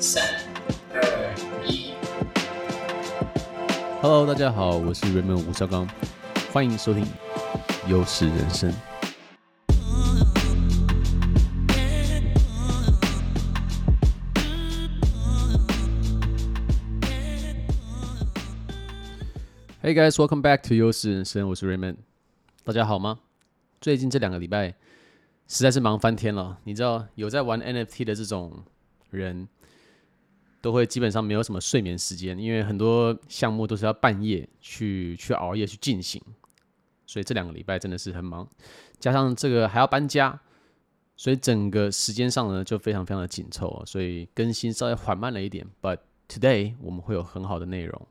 三二一，Hello，大家好，我是 Raymond 吳紹剛，歡迎收聽《優勢人生》。Hey guys，welcome back to《優勢人生》，我是 Raymond，大家好嗎？最近這兩個禮拜實在是忙翻天了，你知道有在玩 NFT 的這種人，都會基本上沒有什麼睡眠時間，因為很多項目都是要半夜去去熬夜去進行，所以這兩個禮拜真的是很忙，加上這個還要搬家，所以整個時間上呢就非常非常的緊湊哦，所以更新稍微緩慢了一點。But today 我們會有很好的內容。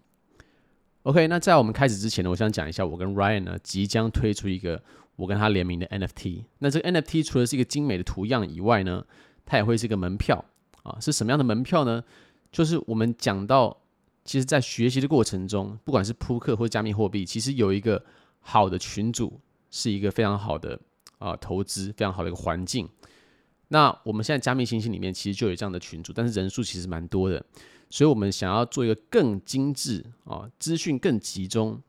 OK，那在我們開始之前呢，我想講一下我跟 Ryan 呢即將推出一個我跟他聯名的 NFT。那這個 NFT 除了是一個精美的圖樣以外呢，它也會是一個門票啊，是什麼樣的門票呢？就是我們講到，其實在學習的過程中，不管是撲克或加密貨幣，其實有一個好的群組是一個非常好的啊投資非常好的一個環境。那我們現在加密猩猩裡面其實就有這樣的群組，但是人數其實蠻多的，所以我們想要做一個更精緻啊資訊更集中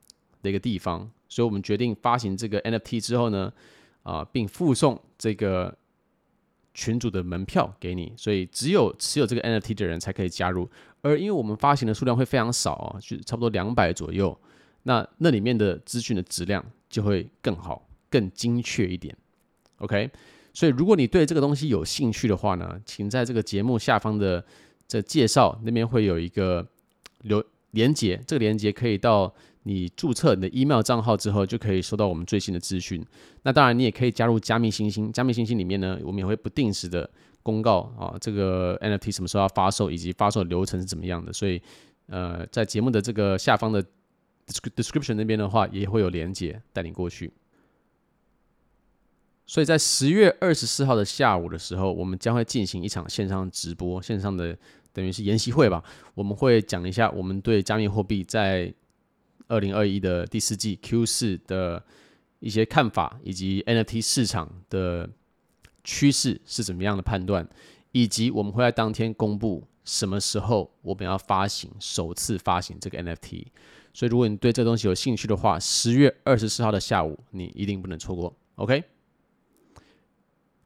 的一個地方，所以我們決定發行這個 NFT 之後呢，啊，並附送這個。群主的門票給你，所以只有持有這個 NFT 的人才可以加入。而因為我們發行的數量會非常少啊，就差不多兩百左右，那那裡面的資訊的質量就會更好、更精確一點。OK，所以如果你對這個東西有興趣的話呢，請在這個節目下方的這介紹那邊會有一個留連結，這個連結可以到。你註冊你的 email 賬號之後，就可以收到我們最新的資訊。那當然，你也可以加入加密猩猩。加密猩猩裡面呢，我們也會不定時的公告啊，這個 NFT 什麼時候要發售，以及發售的流程是怎麼樣的。所以，呃，在節目的這個下方的 description 那邊的話，也會有鏈接帶你過去。所以在十月二十四號的下午的時候，我們將會進行一場線上直播，線上的等於是研習會吧。我們會講一下我們對加密貨幣在二零二一的第四季 Q 四的一些看法，以及 NFT 市場的趨勢是怎麼樣的判斷，以及我們會在當天公布什麼時候我們要發行首次發行這個 NFT。所以，如果你對這東西有興趣的話，十月二十四號的下午你一定不能錯過。OK，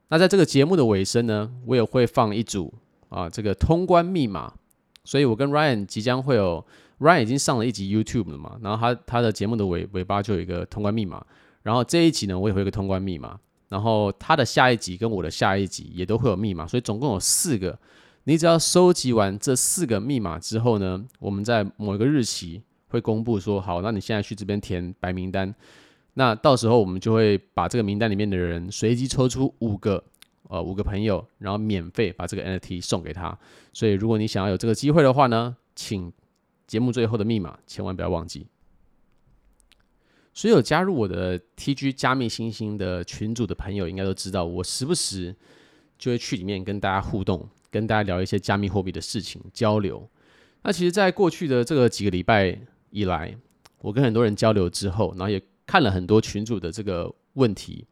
那在這個節目的尾聲呢，我也會放一組啊這個通關密碼。所以我跟 Ryan 即將會有。Ryan 已經上了一集 YouTube 了嘛，然後他他的節目的尾尾巴就有一個通關密碼，然後這一集呢我也會有一個通關密碼，然後他的下一集跟我的下一集也都會有密碼，所以總共有四個。你只要收集完這四個密碼之後呢，我們在某一個日期會公布說好，那你現在去這邊填白名單。那到時候我們就會把這個名單裡面的人隨機抽出五個呃五個朋友，然後免費把這個 NFT 送給他。所以如果你想要有這個機會的話呢，請節目最後的密碼，千萬不要忘記。所以有加入我的 TG 加密猩猩的群組的朋友，應該都知道，我時不時就會去裡面跟大家互動，跟大家聊一些加密貨幣的事情交流。那其實，在過去的這個幾個禮拜以來，我跟很多人交流之後，然後也看了很多群主的這個問題，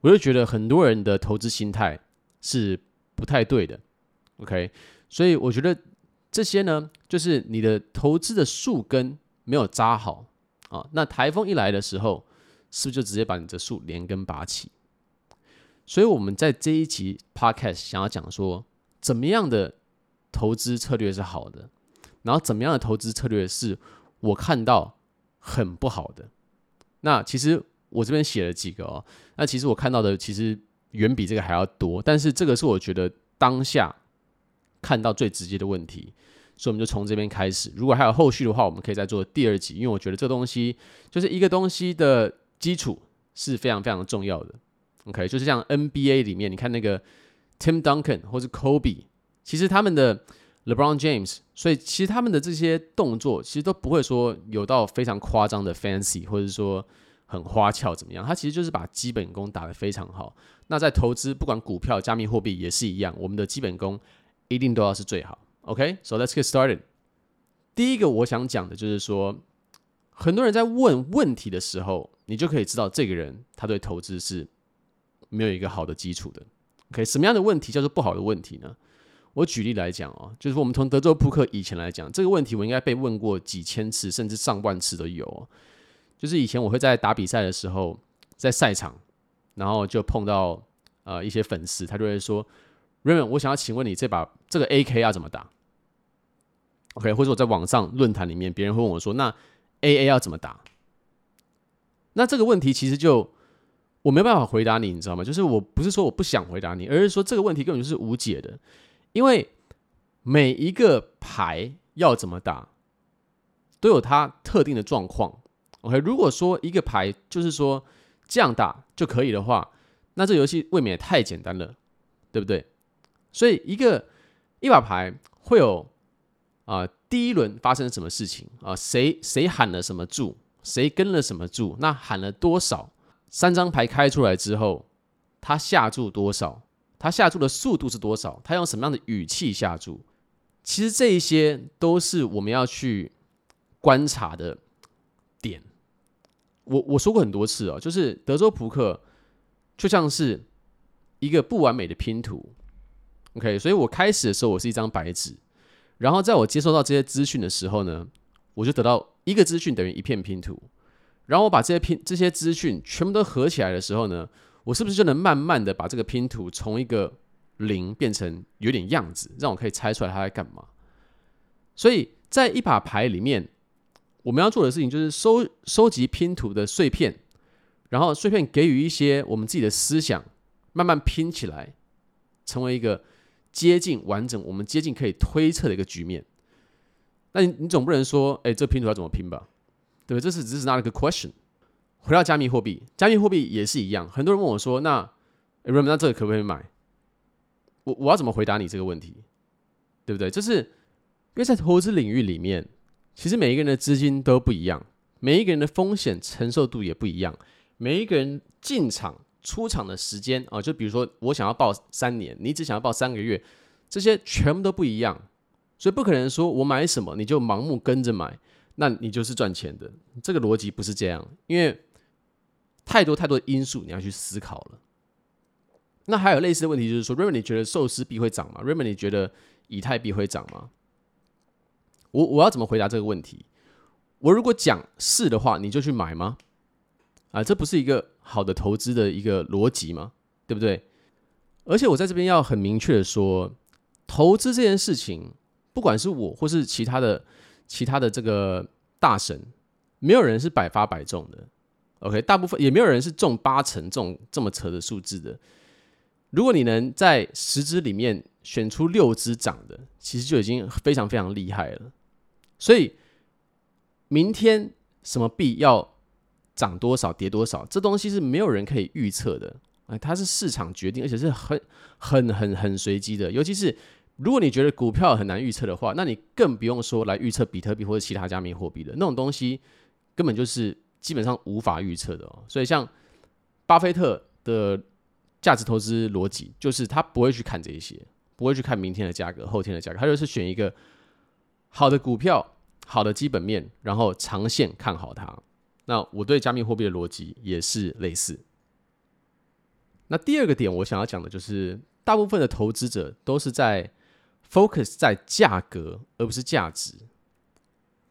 我就覺得很多人的投資心態是不太對的。OK，所以我覺得。這些呢，就是你的投資的樹根沒有紮好啊，那台風一來的時候，是不是就直接把你的樹連根拔起？所以我們在這一集 Podcast 想要講說，怎麼樣的投資策略是好的，然後怎麼樣的投資策略是我看到很不好的。那其實我這邊寫了幾個哦，那其實我看到的其實遠比這個還要多，但是這個是我覺得當下。看到最直接的問題，所以我們就從這邊開始。如果還有後續的話，我們可以再做第二集。因為我覺得這東西就是一個東西的基礎是非常非常重要的。OK，就是像 NBA 裡面，你看那個 Tim Duncan 或是 Kobe，其實他們的 LeBron James，所以其實他們的這些動作其實都不會說有到非常誇張的 fancy，或者說很花俏怎麼樣。他其實就是把基本功打得非常好。那在投資，不管股票、加密貨幣也是一樣，我們的基本功，一定都要是最好，OK。So let's get started。第一個我想講的就是說，很多人在問問題的時候，你就可以知道這個人他對投資是沒有一個好的基礎的。OK，什麼樣的問題叫做不好的問題呢？我舉例來講啊，就是我們從德州撲克以前來講，這個問題我應該被問過幾千次，甚至上萬次都有喔。就是以前我會在打比賽的時候，在賽場，然後就碰到呃一些粉絲，他就會說。Raymond，我想要請問你這，這把這個 A K 要怎麼打？OK，或者我在網上論壇裡面，別人會問我說：“那 A A 要怎麼打？”那這個問題其實就我沒辦法回答你，你知道嗎？就是我不是說我不想回答你，而是說這個問題根本就是無解的，因為每一個牌要怎麼打都有它特定的狀況。OK，如果說一個牌就是說這樣打就可以的話，那這遊戲未免也太簡單了，對不對？所以，一個一把牌會有啊、呃，第一輪發生什麼事情啊、呃？誰誰喊了什麼注？誰跟了什麼注？那喊了多少？三張牌開出來之後，他下注多少？他下注的速度是多少？他用什麼樣的語氣下注？其實這一些都是我們要去觀察的點。我我說過很多次哦，就是德州撲克就像是一個不完美的拼圖。OK，所以我開始的時候我是一張白紙，然後在我接收到這些資訊的時候呢，我就得到一個資訊等於一片拼圖，然後我把這些拼，這些資訊全部都合起來的時候呢，我是不是就能慢慢的把這個拼圖從一個零變成有點樣子，讓我可以猜出來它在幹嘛？所以在一把牌裡面，我們要做的事情就是收收集拼圖的碎片，然後碎片給予一些我們自己的思想，慢慢拼起來，成為一個。接近完整，我們接近可以推測的一個局面。那你你總不能說，哎、欸，這拼圖要怎麼拼吧？對，這是只是拿了個 question。回到加密貨幣，加密貨幣也是一樣，很多人問我說，那，哎、欸，那這個可不可以買？我我要怎麼回答你這個問題？對不對？就是因為在投資領域裡面，其實每一個人的資金都不一樣，每一個人的風險承受度也不一樣，每一個人進場。出場的時間啊，就比如說我想要報三年，你只想要報三個月，這些全部都不一樣，所以不可能說我買什麼你就盲目跟着買，那你就是賺錢的，這個邏輯不是這樣，因為太多太多的因素你要去思考了。那還有類似的問題就是說，Raymond 你覺得壽司幣會漲嗎？Raymond 你覺得以太幣會漲嗎？我我要怎麼回答這個問題？我如果講是的話，你就去買嗎？啊，這不是一個好的投資的一個邏輯嗎？對不對？而且我在這邊要很明確的說，投資這件事情，不管是我或是其他的其他的這個大神，沒有人是百發百中的。OK，大部分也沒有人是中八成中這麼扯的數字的。如果你能在十支裡面選出六支漲的，其實就已經非常非常厲害了。所以，明天什麼幣要漲多少跌多少，這東西是沒有人可以預測的，啊、哎，它是市場決定，而且是很、很、很、很隨機的。尤其是如果你覺得股票很難預測的話，那你更不用說來預測比特幣或者其他加密貨幣的那種東西，根本就是基本上無法預測的哦。所以，像巴菲特的價值投資邏輯，就是他不會去看這些，不會去看明天的價格、後天的價格，他就是選一個好的股票、好的基本面，然後長線看好它。那我對加密貨幣的邏輯也是類似。那第二個點我想要講的就是，大部分的投資者都是在 focus 在價格而不是價值。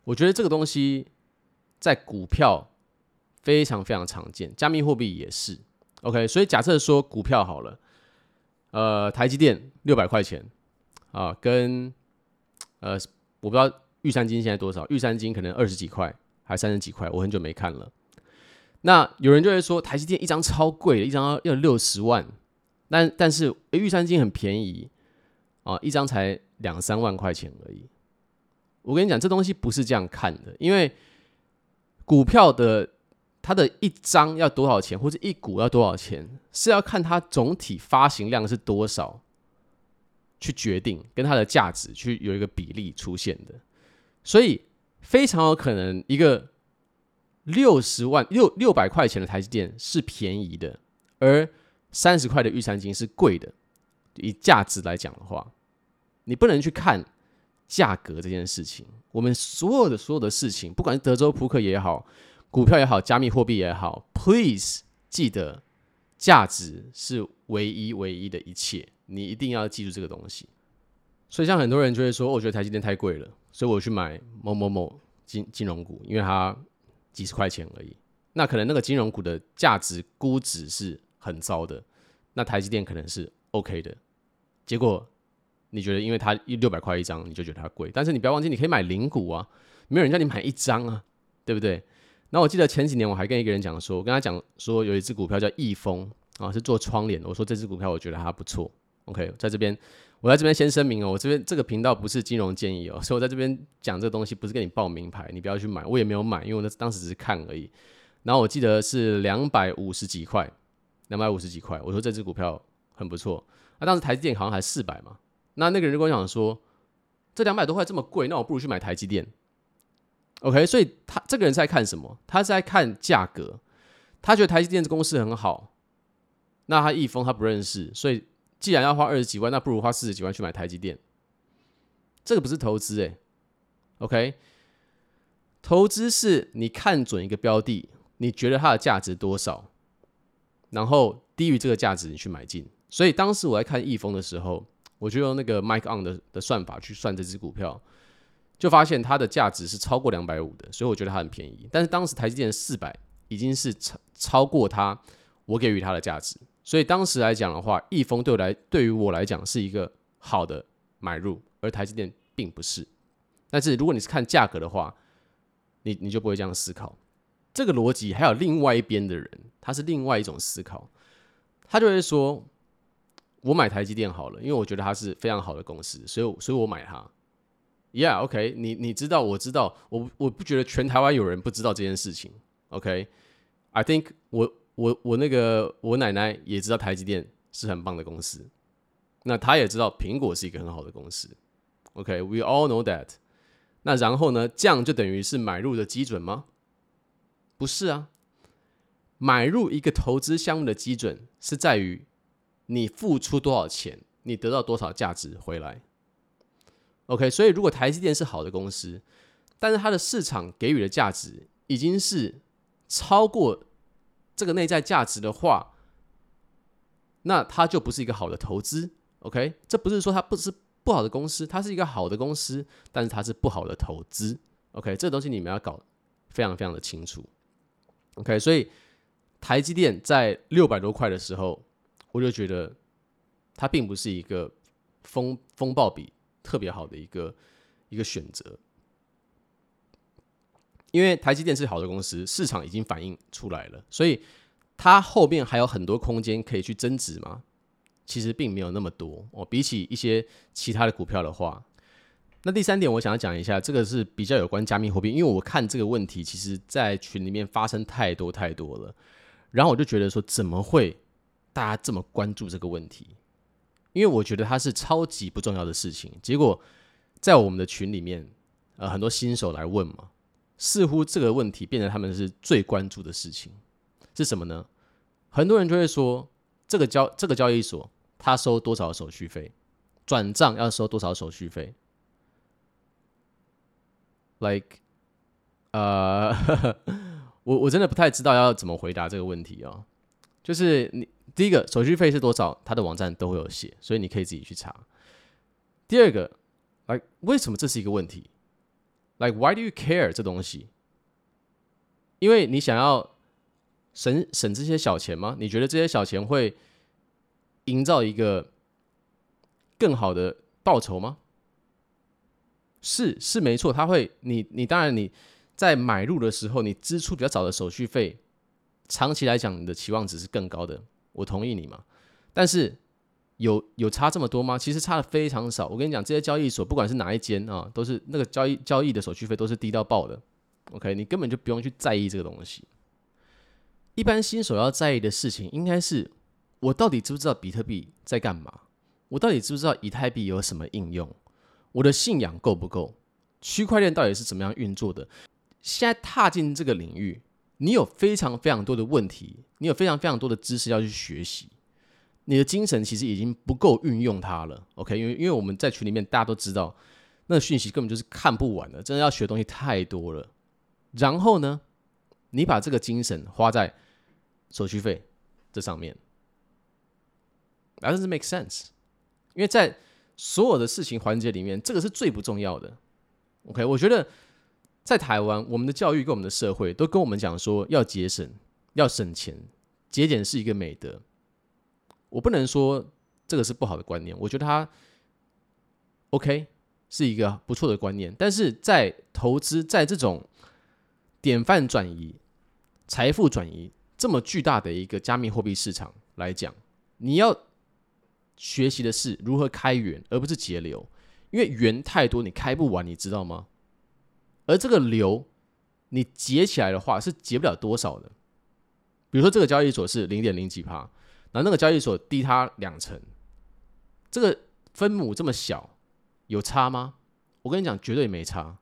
我覺得這個東西在股票非常非常常見，加密貨幣也是。OK，所以假設說股票好了，呃，台積電六百塊錢啊，呃，跟呃我不知道玉山金現在多少，玉山金可能二十幾塊。還三十幾塊，我很久沒看了。那有人就會說，台積電一張超貴的，一張要六十萬。但但是、欸、玉山金很便宜啊，一張才兩三萬塊錢而已。我跟你講，這東西不是這樣看的，因為股票的它的一張要多少錢，或者一股要多少錢，是要看它總體發行量是多少，去決定跟它的價值去有一個比例出現的。所以。非常有可能，一個六十萬六六百塊錢的台積電是便宜的，而三十塊的玉山金是貴的。以價值來講的話，你不能去看價格這件事情。我們所有的所有的事情，不管是德州撲克也好，股票也好，加密貨幣也好，please 記得，價值是唯一唯一的一切。你一定要記住這個東西。所以，像很多人就會說，哦，我覺得台積電太貴了。所以我去買某某某金金融股，因為它幾十塊錢而已，那可能那個金融股的價值估值是很糟的。那台積電可能是 OK 的，結果你覺得因為它六百塊一張，你就覺得它貴，但是你不要忘記，你可以買零股啊，沒有人叫你買一張啊，對不對？那我記得前幾年我還跟一個人講說，我跟他講說有一只股票叫億豐啊，是做窗簾的，我說這只股票我覺得還不錯，OK，在這邊。我在這邊先聲明哦、喔，我這邊這個頻道不是金融建議哦、喔，所以我在這邊講這個東西不是給你報名牌，你不要去買，我也沒有買，因為我當時只是看而已。然後我記得是兩百五十幾塊，兩百五十幾塊，我說這支股票很不錯。那、啊、當時台積電好像還四百嘛，那那個人就跟我講說這兩百多塊這麼貴，那我不如去買台積電。OK，所以他這個人在看什麼？他是在看價格，他覺得台積電的公司很好。那他易峰他不認識，所以。既然要花二十幾萬，那不如花四十幾萬去買台積電。這個不是投資、欸，哎，OK，投資是你看準一個標的，你覺得它的價值多少，然後低於這個價值你去買進。所以當時我在看易峰的時候，我就用那個 Mike On 的的算法去算這隻股票，就發現它的價值是超過兩百五的，所以我覺得它很便宜。但是當時台積電的四百已經是超超過它，我給予它的價值。所以當時來講的話，易豐對我來，對於我來講是一個好的買入，而台積電並不是。但是如果你是看價格的話，你你就不會這樣思考。這個邏輯還有另外一邊的人，他是另外一種思考，他就會說：“我買台積電好了，因為我覺得他是非常好的公司，所以所以我買它。” Yeah, OK，你你知道，我知道，我我不覺得全台灣有人不知道這件事情。OK，I think 我。我我那個我奶奶也知道台積電是很棒的公司，那她也知道蘋果是一個很好的公司。OK，we all know that。那然後呢？降就等於是買入的基準嗎？不是啊。買入一個投資項目的基準是在於你付出多少錢，你得到多少價值回來。OK，所以如果台積電是好的公司，但是它的市場給予的價值已經是超過。這個內在價值的話，那它就不是一個好的投資，OK？這不是說它不是不好的公司，它是一個好的公司，但是它是不好的投資，OK？這東西你們要搞非常非常的清楚，OK？所以台積電在六百多塊的時候，我就覺得它並不是一個風風報比特別好的一個一個選擇。因為台積電是好的公司，市場已經反映出來了，所以它後面還有很多空間可以去增值嘛，其實並沒有那麼多我、哦、比起一些其他的股票的話。那第三點我想要講一下，這個是比較有關加密貨幣，因為我看這個問題其實在群裡面發生太多太多了，然後我就覺得說怎麼會大家這麼關注這個問題？因為我覺得它是超級不重要的事情，結果在我們的群裡面，呃，很多新手來問嘛。似乎這個問題變成他們是最關注的事情，是什麼呢？很多人就會說，這個交這個交易所，他收多少手續費？轉賬要收多少手續費？Like，呃、uh, 我我真的不太知道要怎麼回答這個問題哦。就是你第一個手續費是多少，他的網站都會有寫，所以你可以自己去查。第二個，來、like,，為什麼這是一個問題？Like why do you care 這東西？因為你想要省省這些小錢嗎？你覺得這些小錢會營造一個更好的報酬嗎？是是沒錯，他會你你當然你在買入的時候，你支出比較少的手續費，長期來講，你的期望值是更高的，我同意你嘛。但是。有有差這麼多嗎？其實差的非常少。我跟你講，這些交易所不管是哪一間啊，都是那個交易交易的手續費都是低到爆的。OK，你根本就不用去在意這個東西。一般新手要在意的事情，應該是我到底知不知道比特幣在幹嘛？我到底知不知道以太幣有什麼應用？我的信仰夠不夠？區塊鏈到底是怎麼樣運作的？現在踏進這個領域，你有非常非常多的問題，你有非常非常多的知識要去學習。你的精神其實已經不夠運用它了，OK？因為因為我們在群裡面大家都知道，那訊息根本就是看不完了，真的要學東西太多了。然後呢，你把這個精神花在手續費這上面，但是 make sense？因為在所有的事情環節裡面，這個是最不重要的。OK？我覺得在台灣，我們的教育跟我們的社會都跟我們講說要節省、要省錢，節儉是一個美德。我不能說這個是不好的觀念，我覺得它 OK 是一個不錯的觀念。但是在投資在這種典範轉移、財富轉移這麼巨大的一個加密貨幣市場來講，你要學習的是如何開源，而不是節流，因為源太多你開不完，你知道嗎？而這個流你截起來的話是截不了多少的。比如說這個交易所是零點零幾趴。然後那個交易所低他兩成，這個分母這麼小，有差嗎？我跟你講，絕對沒差，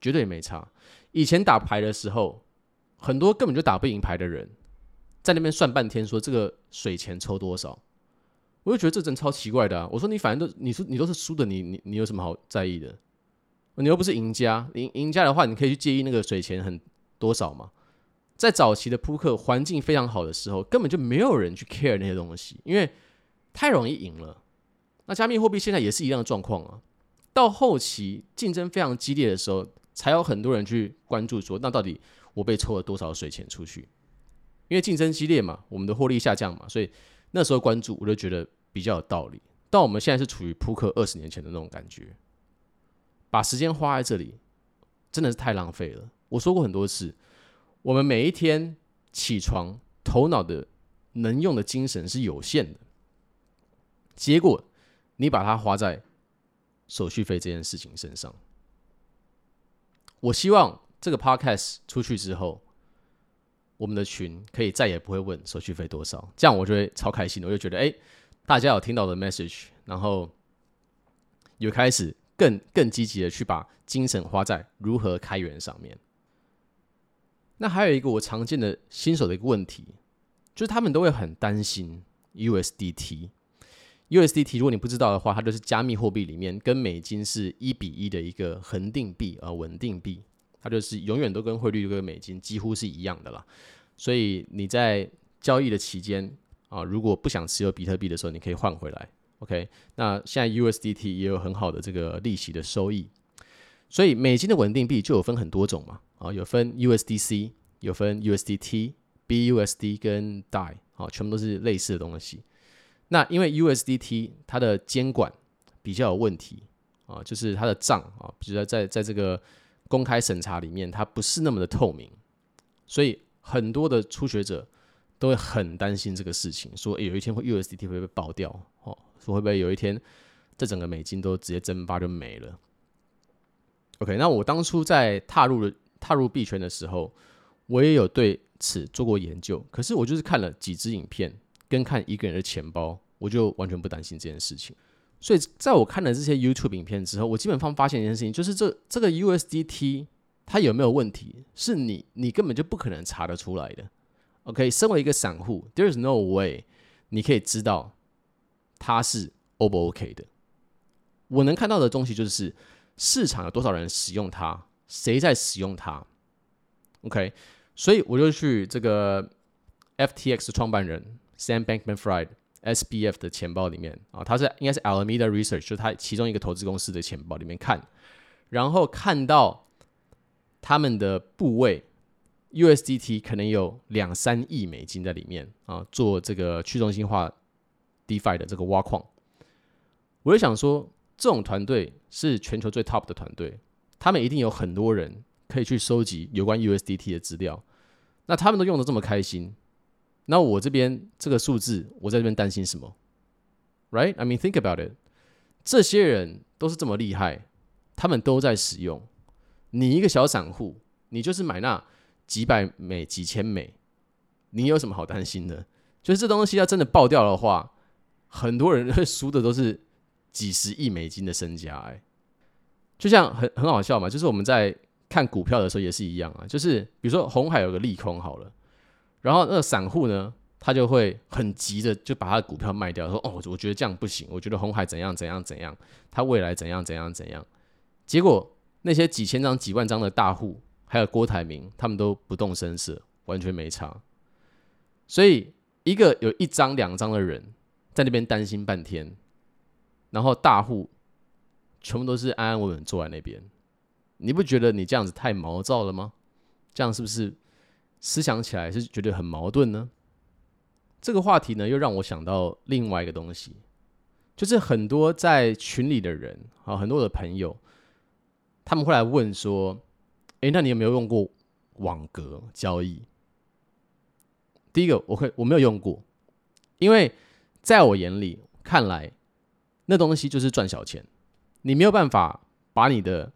絕對沒差。以前打牌的時候，很多根本就打不贏牌的人，在那邊算半天，說這個水錢抽多少，我就覺得這真超奇怪的啊！我說你反正都，你是你都是輸的，你你你有什麼好在意的？你又不是贏家，贏贏家的話，你可以去介意那個水錢很多少嘛？在早期的撲克環境非常好的時候，根本就沒有人去 care 那些東西，因為太容易贏了。那加密貨幣現在也是一樣的狀況啊。到後期競爭非常激烈的時候，才有很多人去關注說，那到底我被抽了多少水錢出去？因為競爭激烈嘛，我們的獲利下降嘛，所以那時候關注我就覺得比較有道理。到我們現在是處於撲克二十年前的那種感覺，把時間花在這裡真的是太浪費了。我說過很多次。我們每一天起床，頭腦的能用的精神是有限的。結果你把它花在手續費這件事情身上。我希望這個 podcast 出去之後，我們的群可以再也不會問手續費多少，這樣我就會超開心的。我就覺得，哎，大家有聽到的 message，然後有開始更更積極的去把精神花在如何開源上面。那還有一個我常見的新手的一個問題，就是他們都會很擔心 USDT。USDT 如果你不知道的話，它就是加密貨幣裡面跟美金是一比一的一個恆定幣啊穩定幣，它就是永遠都跟匯率跟美金幾乎是一樣的啦。所以你在交易的期間啊，如果不想持有比特幣的時候，你可以換回來。OK，那現在 USDT 也有很好的這個利息的收益，所以美金的穩定幣就有分很多種嘛。哦，有分 USDC，有分 USDT、BUSD 跟 Dai、e, 哦，全部都是類似的東西。那因為 USDT 它的監管比較有問題啊、哦，就是它的賬啊、哦，比如在在，在這個公開審查裡面，它不是那麼的透明，所以很多的初學者都會很擔心這個事情，說、欸、有一天會 USDT 會不會被爆掉？哦，說會不會有一天這整個美金都直接蒸發就沒了？OK，那我當初在踏入的踏入幣圈的時候，我也有對此做過研究。可是我就是看了幾支影片，跟看一個人的錢包，我就完全不擔心這件事情。所以在我看了這些 YouTube 影片之後，我基本上發現一件事情，就是這這個 USDT 它有沒有問題，是你你根本就不可能查得出來的。OK，身為一個散戶，There is no way 你可以知道它是 O 不 OK 的。我能看到的東西就是市場有多少人使用它。誰在使用它？OK，所以我就去這個 FTX 創辦人 Sam Bankman-Fried SBF 的錢包裡面啊，他是應該是 Alameda Research，就是他其中一個投資公司的錢包裡面看，然後看到他們的部位 USDT 可能有兩三億美金在裡面啊，做這個去中心化 DeFi 的這個挖礦，我就想說，這種團隊是全球最 top 的團隊。他們一定有很多人可以去收集有關 USDT 的資料，那他們都用得這麼開心，那我這邊這個數字，我在這邊擔心什麼？Right? I mean, think about it。這些人都是這麼厲害，他們都在使用，你一個小散戶，你就是買那幾百美、幾千美，你有什麼好擔心的？就是這東西要真的爆掉的話，很多人會輸的都是幾十億美金的身家，欸，哎。就像很很好笑嘛，就是我們在看股票的時候也是一樣啊，就是比如說鴻海有個利空好了，然後那個散戶呢，他就會很急的就把他的股票賣掉，說哦，我我覺得這樣不行，我覺得鴻海怎樣怎樣怎樣，他未來怎樣怎樣怎樣，結果那些幾千張幾萬張的大戶，還有郭台銘，他們都不動聲色，完全沒差，所以一個有一張兩張的人在那邊擔心半天，然後大戶。全部都是安安穩穩坐在那邊，你不覺得你這樣子太毛躁了嗎？這樣是不是思想起來是覺得很矛盾呢？這個話題呢，又讓我想到另外一個東西，就是很多在群裡的人啊，很多的朋友，他們會來問說：“哎，那你有沒有用過網格交易？”第一個，我會我沒有用過，因為在我眼裡看來，那東西就是賺小錢。你沒有辦法把你的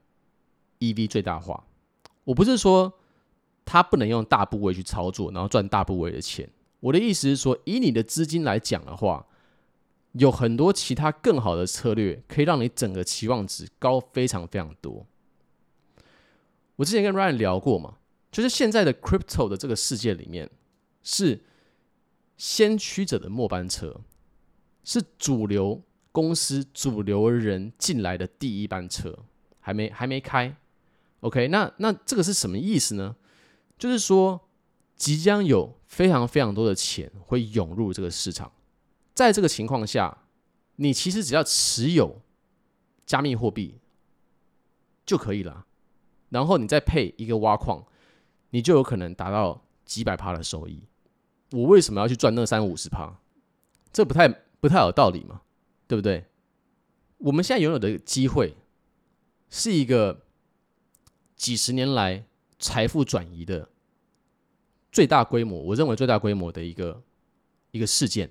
EV 最大化。我不是說他不能用大部位去操作，然後賺大部位的錢。我的意思是說，以你的資金來講的話，有很多其他更好的策略，可以讓你整個期望值高非常非常多。我之前跟 Ryan 聊過嘛，就是現在的 Crypto 的這個世界裡面，是先驅者的末班車，是主流。公司主流人進來的第一班車還沒還沒開，OK，那那這個是什麼意思呢？就是說即將有非常非常多的錢會湧入這個市場，在這個情況下，你其實只要持有加密貨幣就可以了，然後你再配一個挖礦，你就有可能達到幾百趴的收益。我為什麼要去賺那三五十趴？這不太不太有道理嗎？對不對？我們現在擁有的機會，是一個幾十年來財富轉移的最大規模，我認為最大規模的一個一個事件。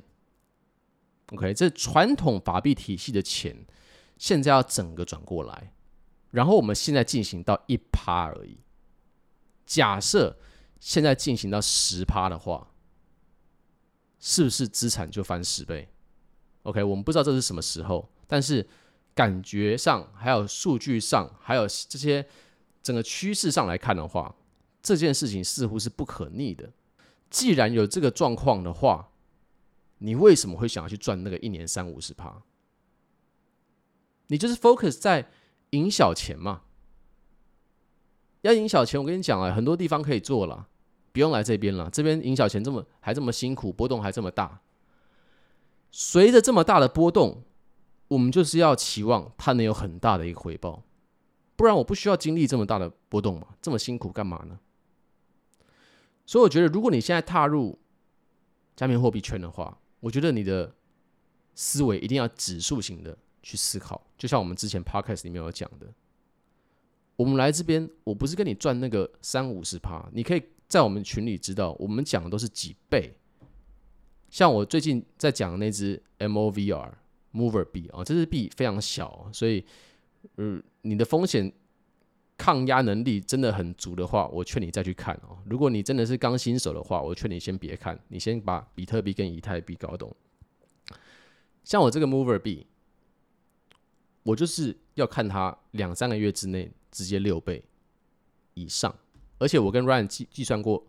OK，這傳統法幣體系的錢，現在要整個轉過來，然後我們現在進行到一趴而已。假設現在進行到十趴的話，是不是資產就翻十倍？OK，我們不知道這是什麼時候，但是感覺上、還有數據上、還有這些整個趨勢上來看的話，這件事情似乎是不可逆的。既然有這個狀況的話，你為什麼會想要去賺那個一年三五十趴？你就是 focus 在贏小錢嘛？要贏小錢，我跟你講啊，很多地方可以做了，不用來這邊了。這邊贏小錢這麼還這麼辛苦，波動還這麼大。隨着這麼大的波動，我們就是要期望它能有很大的一個回報，不然我不需要經歷這麼大的波動嘛，這麼辛苦幹嘛呢？所以我覺得，如果你現在踏入加密貨幣圈的話，我覺得你的思維一定要指數型的去思考。就像我們之前 podcast 裡面有講的，我們來這邊，我不是跟你賺那個三五十趴，你可以在我們群裡知道，我們講的都是幾倍。像我最近在講那隻 M O V R Mover 幣啊、哦，這支幣非常小，所以，嗯、呃，你的風險抗壓能力真的很足的話，我勸你再去看哦。如果你真的是剛新手的話，我勸你先別看，你先把比特幣跟以太幣搞懂。像我這個 Mover 幣，我就是要看它兩三個月之內直接六倍以上，而且我跟 Ryan 計計算過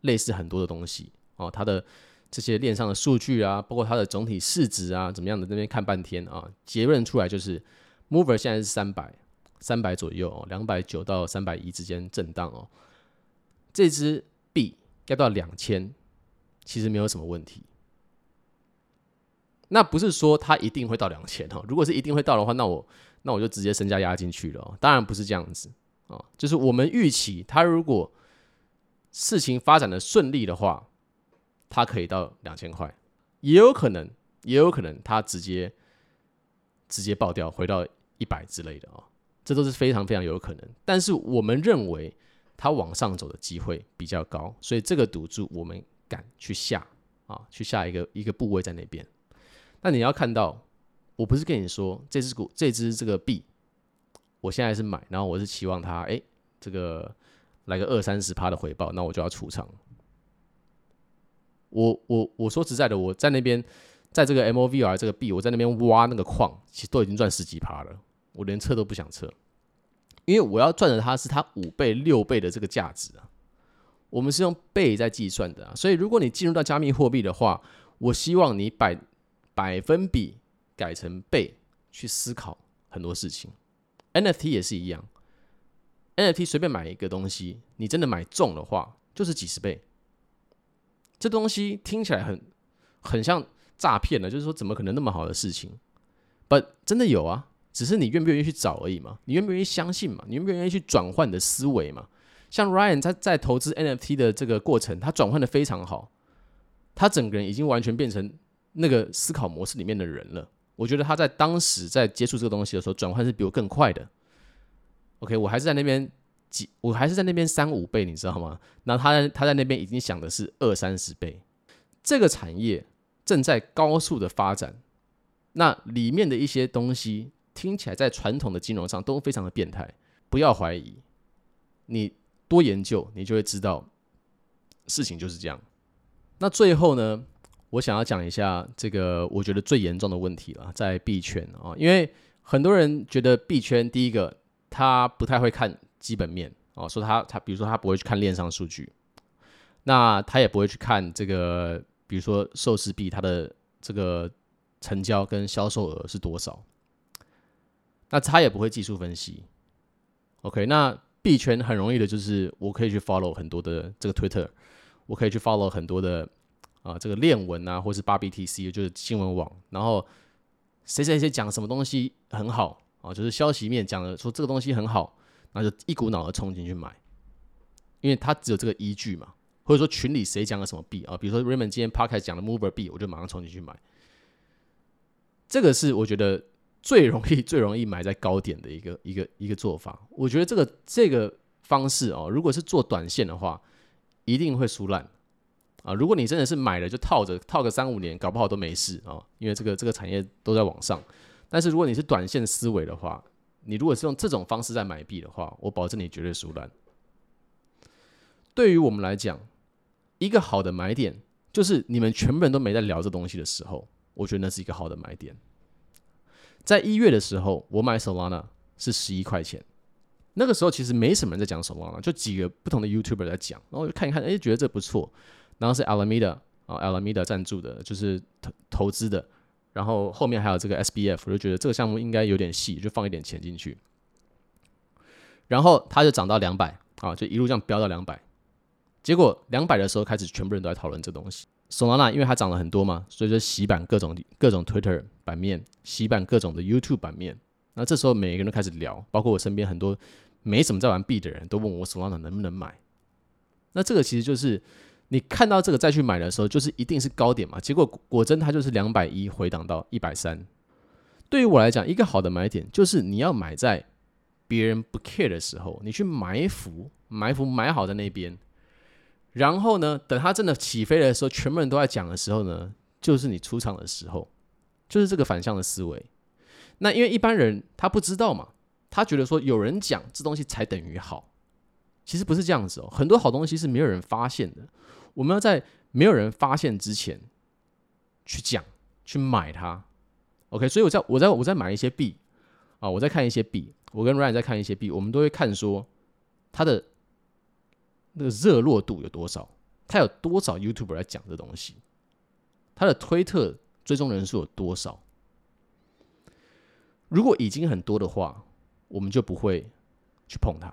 類似很多的東西哦，它的。這些鏈上的數據啊，包括它的總體市值啊，怎麼樣的，那邊看半天啊，結論出來就是，Mover 現在是三百三百左右，哦，兩百九到三百一之間震盪哦。這支幣要到兩千，其實沒有什麼問題。那不是說它一定會到兩千哦。如果是一定會到的話，那我那我就直接身家押進去了，哦。當然不是這樣子啊，哦，就是我們預期它如果事情發展得順利的話。它可以到兩千塊，也有可能，也有可能它直接直接爆掉，回到一百之類的啊、喔，這都是非常非常有可能。但是我們認為它往上走的機會比較高，所以這個賭注我們敢去下啊，去下一個一個部位在那邊。那你要看到，我不是跟你說，這只股、這只這個幣，我現在是買，然後我是期望它哎，這個來個二三十趴的回報，那我就要儲藏。我我我說實在的，我在那邊，在這個 M O V R 這個幣，我在那邊挖那個礦，其實都已經賺十幾趴了。我連撤都不想撤，因為我要賺的它是它五倍六倍的這個價值啊。我們是用倍在計算的啊。所以如果你進入到加密貨幣的話，我希望你百百分比改成倍去思考很多事情。N F T 也是一樣，N F T 隨便買一個東西，你真的買中的話，就是幾十倍。這東西聽起來很很像詐騙呢，就是說怎麼可能那麼好的事情？But 真的有啊，只是你願不願意去找而已嘛，你願不願意相信嘛，你願不願意去轉換你的思維嘛？像 Ryan 在在投資 NFT 的這個過程，他轉換的非常好，他整個人已經完全變成那個思考模式裡面的人了。我覺得他在當時在接觸這個東西的時候，轉換是比我更快的。OK，我還是在那邊。我還是在那邊三五倍，你知道嗎？那他在他在那邊已經想的是二三十倍。這個產業正在高速的發展，那裡面的一些東西聽起來在傳統的金融上都非常的變態。不要懷疑，你多研究，你就會知道事情就是這樣。那最後呢，我想要講一下這個我覺得最嚴重的問題了，在幣圈啊、喔，因為很多人覺得幣圈第一個他不太會看。基本面哦，說他他，比如說他不會去看鏈上數據，那他也不會去看這個，比如說壽司幣它的這個成交跟銷售額是多少，那他也不會技術分析。OK，那幣圈很容易的就是我可以去 follow 很多的這個 Twitter，我可以去 follow 很多的啊這個鏈文啊，或是 8BTC 就是新聞網，然後誰誰誰講什麼東西很好啊，就是消息面講的說這個東西很好。那就一股腦的衝進去買，因為他只有這個依據嘛，或者說群裡誰講了什麼幣啊，比如說 Raymond 今天 Podcast 講的 Mover 幣，我就馬上衝進去買。這個是我覺得最容易最容易買在高點的一個一個一個做法。我覺得這個這個方式哦、啊，如果是做短線的話，一定會輸爛啊！如果你真的是買了就套着套個三五年，搞不好都沒事啊，因為這個這個產業都在往上。但是如果你是短線思維的話，你如果是用這種方式在買幣的話，我保證你絕對輸爛。對於我們來講，一個好的買點就是你們全部人都沒在聊這東西的時候，我覺得那是一個好的買點。在一月的時候，我買 Solana 是十一塊錢，那個時候其實沒什麼人在講 Solana，就幾個不同的 YouTuber 在講，然後我就看一看，哎，覺得這不錯。然後是 Alameda 啊，Alameda 贊助的，就是投投資的。然後後面還有這個 SBF，我就覺得這個項目應該有點戲，就放一點錢進去。然後它就漲到兩百啊，就一路這樣飆到兩百。結果兩百的時候開始，全部人都在討論這個東西。Solana 因為它漲了很多嘛，所以說洗版各種各種 Twitter 版面，洗版各種的 YouTube 版面。那這時候每一個人都開始聊，包括我身邊很多沒什麼在玩幣的人都問我 Solana 能不能買。那這個其實就是。你看到這個再去買的時候，就是一定是高點嘛，結果果真它就是兩百一回檔到一百三。對於我來講，一個好的買點就是你要買在別人不 care 的時候，你去埋伏，埋伏買好在那邊。然後呢，等它真的起飛的時候，全部人都在講的時候呢，就是你出場的時候，就是這個反向的思維。那因為一般人他不知道嘛，他覺得說有人講這東西才等於好，其實不是這樣子哦，很多好東西是沒有人發現的。我們要在沒有人發現之前去講、去買它，OK？所以我在、我在我在買一些幣啊，我在看一些幣，我跟 Ryan 在看一些幣，我們都會看說它的那個熱絡度有多少，它有多少 YouTuber 來講這東西，它的推特追蹤人數有多少？如果已經很多的話，我們就不會去碰它。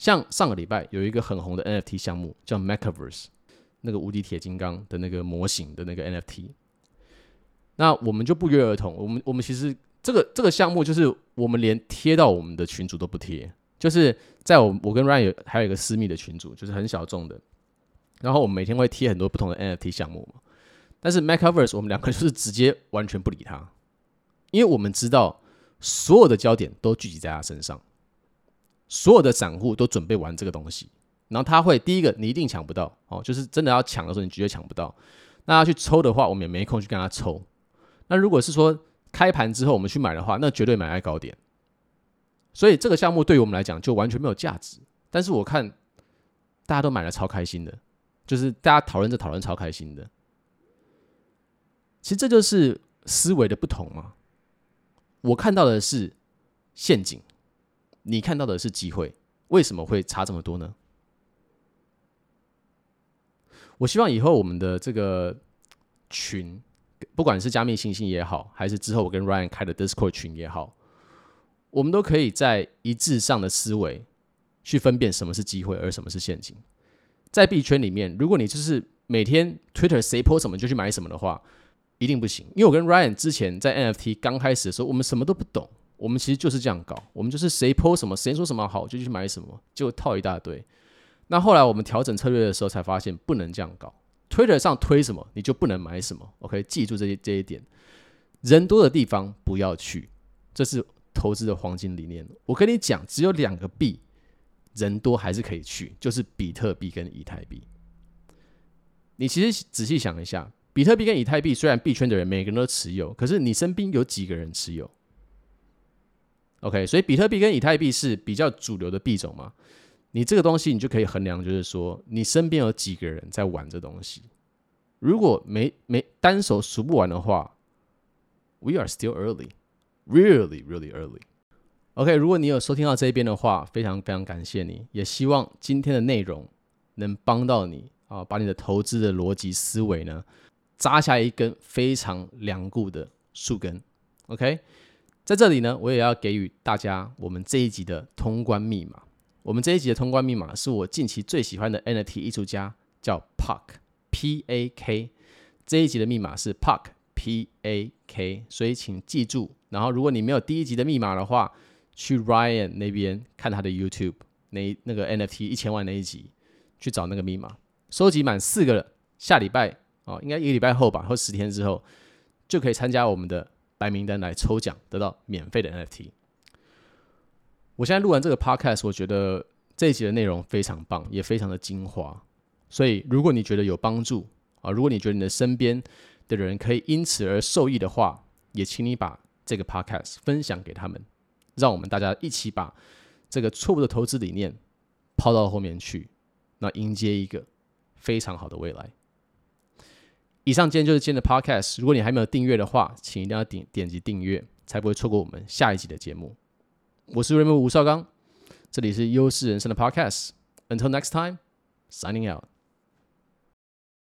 像上個禮拜有一個很紅的 NFT 項目叫 MekaVerse，那個無敵鐵金剛的那個模型的那個 NFT，那我們就不約而同，我們我們其實這個這個項目就是我們連貼到我們的群組都不貼，就是在我我跟 Ryan 有還有一個私密的群組，就是很小眾的，然後我們每天會貼很多不同的 NFT 項目嘛，但是 MekaVerse 我們兩個就是直接完全不理他，因為我們知道所有的焦點都聚集在他身上。所有的散戶都準備玩這個東西，然後他會第一個，你一定搶不到哦，就是真的要搶的時候，你絕對搶不到。那要去抽的話，我們也沒空去跟他抽。那如果是說開盤之後我們去買的話，那絕對買在高點。所以這個項目對於我們來講就完全沒有價值。但是我看大家都買了超開心的，就是大家討論着討論超開心的。其實這就是思維的不同嘛。我看到的是陷阱。你看到的是機會，為什麼會差這麼多呢？我希望以後我們的這個群，不管是加密猩猩也好，還是之後我跟 Ryan 開的 Discord 群也好，我們都可以在一致上的思維去分辨什麼是機會，而什麼是陷阱。在幣圈裡面，如果你就是每天 Twitter 誰 po 什麼就去買什麼的話，一定不行。因為我跟 Ryan 之前在 NFT 剛開始的時候，我們什麼都不懂。我們其實就是這樣搞，我們就是誰拋什麼，誰說什麼好，就去買什麼，就套一大堆。那後來我們調整策略的時候，才發現不能這樣搞。Twitter 上推什麼，你就不能買什麼。OK，記住這些這一點。人多的地方不要去，這是投資的黃金理念。我跟你講，只有兩個幣，人多還是可以去，就是比特幣跟以太幣。你其實仔細想一下，比特幣跟以太幣雖然幣圈的人每個人都持有，可是你身邊有幾個人持有？OK，所以比特幣跟以太幣是比較主流的幣種嘛。你這個東西你就可以衡量，就是說你身邊有幾個人在玩這東西。如果沒沒單手數不完的話，We are still early, really really early. OK，如果你有收聽到這邊的話，非常非常感謝你，也希望今天的內容能幫到你啊，把你的投資的邏輯思維呢紮下一根非常牢固的樹根。OK。在這裡呢，我也要給予大家我們這一集的通關密碼。我們這一集的通關密碼是我近期最喜歡的 NFT 藝術家，叫 Pak, P A K。這一集的密碼是 Pak, P A K，所以請記住。然後，如果你沒有第一集的密碼的話，去 Ryan 那邊看他的 YouTube 那那個 NFT 一千萬那一集，去找那個密碼。收集滿四個了，下禮拜哦，應該一個禮拜後吧，或十天之後，就可以參加我們的。白名單來抽獎，得到免費的 NFT。我現在錄完這個 Podcast，我覺得這一集的內容非常棒，也非常的精華。所以，如果你覺得有幫助啊，如果你覺得你的身邊的人可以因此而受益的話，也請你把這個 Podcast 分享給他們，讓我們大家一起把這個錯誤的投資理念拋到後面去，那迎接一個非常好的未來。以上，今天就是今天的 Podcast。如果你還沒有訂閱的話，請一定要點點擊訂閱，才不會錯過我們下一集的節目。我是 Raymond 吳紹剛，這裡是優勢人生的 Podcast。Until next time, signing out.